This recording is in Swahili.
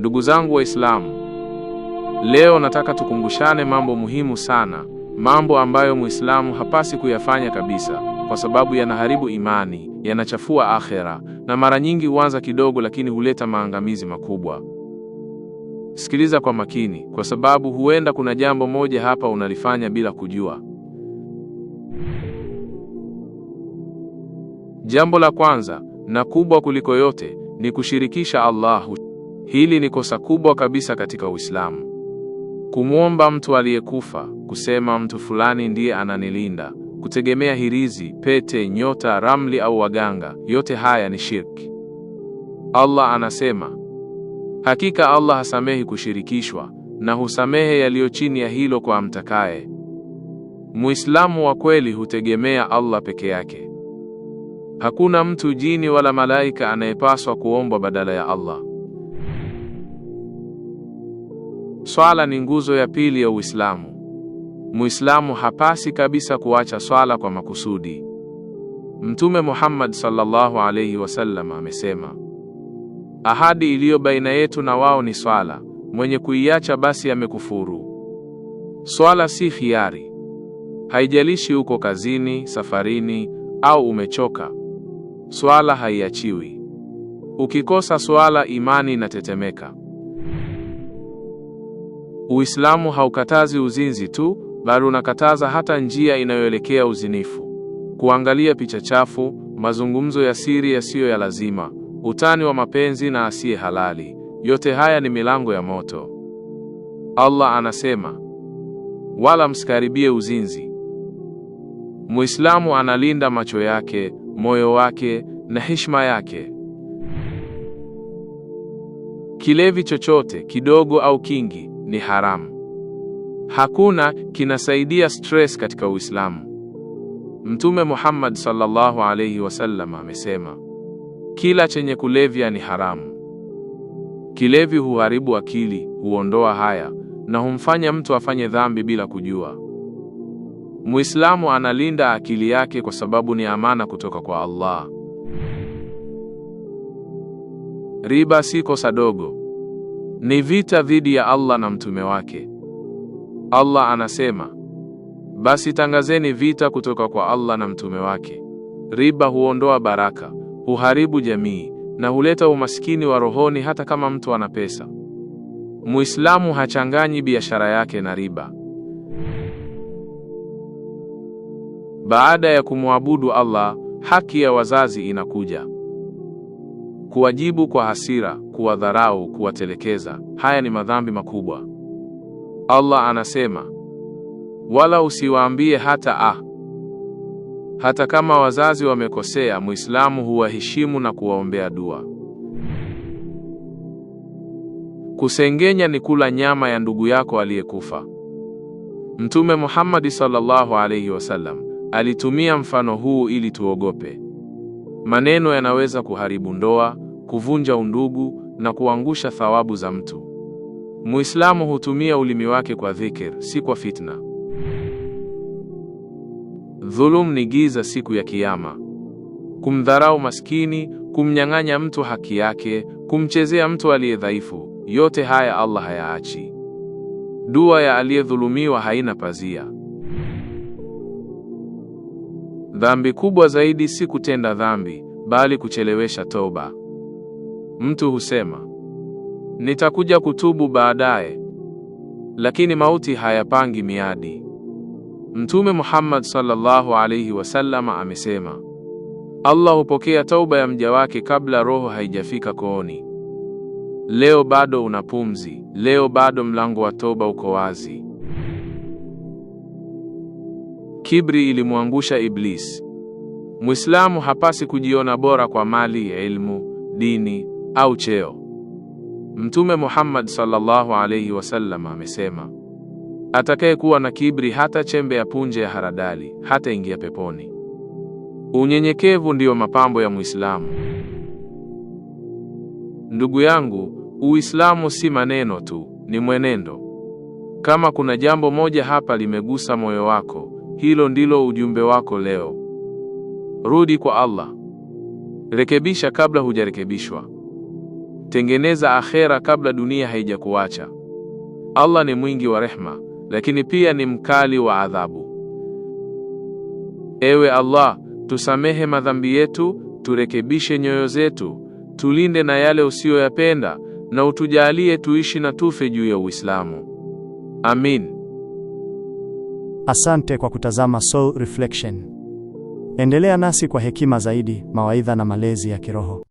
Ndugu zangu Waislamu, leo nataka tukumbushane mambo muhimu sana, mambo ambayo Muislamu hapasi kuyafanya kabisa, kwa sababu yanaharibu imani, yanachafua akhera, na mara nyingi huanza kidogo, lakini huleta maangamizi makubwa. Sikiliza kwa makini, kwa sababu huenda kuna jambo moja hapa unalifanya bila kujua. Jambo la kwanza na kubwa kuliko yote ni kushirikisha Allahu Hili ni kosa kubwa kabisa katika Uislamu. Kumwomba mtu aliyekufa, kusema mtu fulani ndiye ananilinda, kutegemea hirizi, pete, nyota, ramli au waganga, yote haya ni shirki. Allah anasema, hakika Allah hasamehi kushirikishwa na husamehe yaliyo chini ya hilo kwa amtakaye. Muislamu wa kweli hutegemea Allah peke yake. Hakuna mtu jini wala malaika anayepaswa kuombwa badala ya Allah. Swala ni nguzo ya pili ya Uislamu. Muislamu hapasi kabisa kuacha swala kwa makusudi. Mtume Muhammad sallallahu alayhi wasallam amesema, ahadi iliyo baina yetu na wao ni swala, mwenye kuiacha basi amekufuru. Swala si hiari, haijalishi uko kazini, safarini au umechoka, swala haiachiwi. Ukikosa swala, imani inatetemeka. Uislamu haukatazi uzinzi tu, bali unakataza hata njia inayoelekea uzinifu, kuangalia picha chafu, mazungumzo ya siri yasiyo ya lazima, utani wa mapenzi na asiye halali. Yote haya ni milango ya moto. Allah anasema, wala msikaribie uzinzi. Muislamu analinda macho yake, moyo wake na heshima yake. Kilevi chochote kidogo au kingi ni haramu. Hakuna kinasaidia stress katika Uislamu. Mtume Muhammad sallallahu alayhi wasallam amesema, kila chenye kulevya ni haramu. Kilevi huharibu akili, huondoa haya na humfanya mtu afanye dhambi bila kujua. Muislamu analinda akili yake kwa sababu ni amana kutoka kwa Allah. Riba si kosa dogo ni vita dhidi ya Allah na mtume wake. Allah anasema, basi tangazeni vita kutoka kwa Allah na mtume wake. Riba huondoa baraka, huharibu jamii na huleta umaskini wa rohoni hata kama mtu ana pesa. Muislamu hachanganyi biashara yake na riba. Baada ya kumwabudu Allah, haki ya wazazi inakuja. Kuwajibu kwa hasira kuwadharau, kuwatelekeza. Haya ni madhambi makubwa. Allah anasema, wala usiwaambie hata ah. Hata kama wazazi wamekosea, Muislamu huwaheshimu na kuwaombea dua. Kusengenya ni kula nyama ya ndugu yako aliyekufa. Mtume Muhammadi sallallahu alayhi wasallam alitumia mfano huu ili tuogope. Maneno yanaweza kuharibu ndoa, kuvunja undugu na kuangusha thawabu za mtu. Muislamu hutumia ulimi wake kwa dhikr, si kwa fitna. Dhulum ni giza siku ya Kiyama. Kumdharau maskini, kumnyang'anya mtu haki yake, kumchezea mtu aliye dhaifu, yote haya Allah hayaachi. Dua ya aliyedhulumiwa haina pazia. Dhambi kubwa zaidi si kutenda dhambi, bali kuchelewesha toba. Mtu husema nitakuja kutubu baadaye, lakini mauti hayapangi miadi. Mtume Muhammad sallallahu alayhi wasallam amesema, Allah hupokea tauba ya mja wake kabla roho haijafika kooni. Leo bado una pumzi, leo bado mlango wa toba uko wazi. Kibri ilimwangusha Iblis. Mwislamu hapasi kujiona bora kwa mali, ilmu, dini au cheo. Mtume Muhammad sallallahu alayhi wasallam amesema, atakayekuwa na kibri hata chembe ya punje ya haradali hata ingia peponi. Unyenyekevu ndiyo mapambo ya Muislamu. Ndugu yangu, Uislamu si maneno tu, ni mwenendo. Kama kuna jambo moja hapa limegusa moyo wako, hilo ndilo ujumbe wako leo. Rudi kwa Allah. Rekebisha kabla hujarekebishwa tengeneza akhera kabla dunia haijakuacha. Allah ni mwingi wa rehma, lakini pia ni mkali wa adhabu. Ewe Allah, tusamehe madhambi yetu, turekebishe nyoyo zetu, tulinde na yale usiyoyapenda, na utujalie tuishi na tufe juu ya Uislamu. Amin. Asante kwa kutazama Soul Reflection. Endelea nasi kwa hekima zaidi, mawaidha na malezi ya kiroho.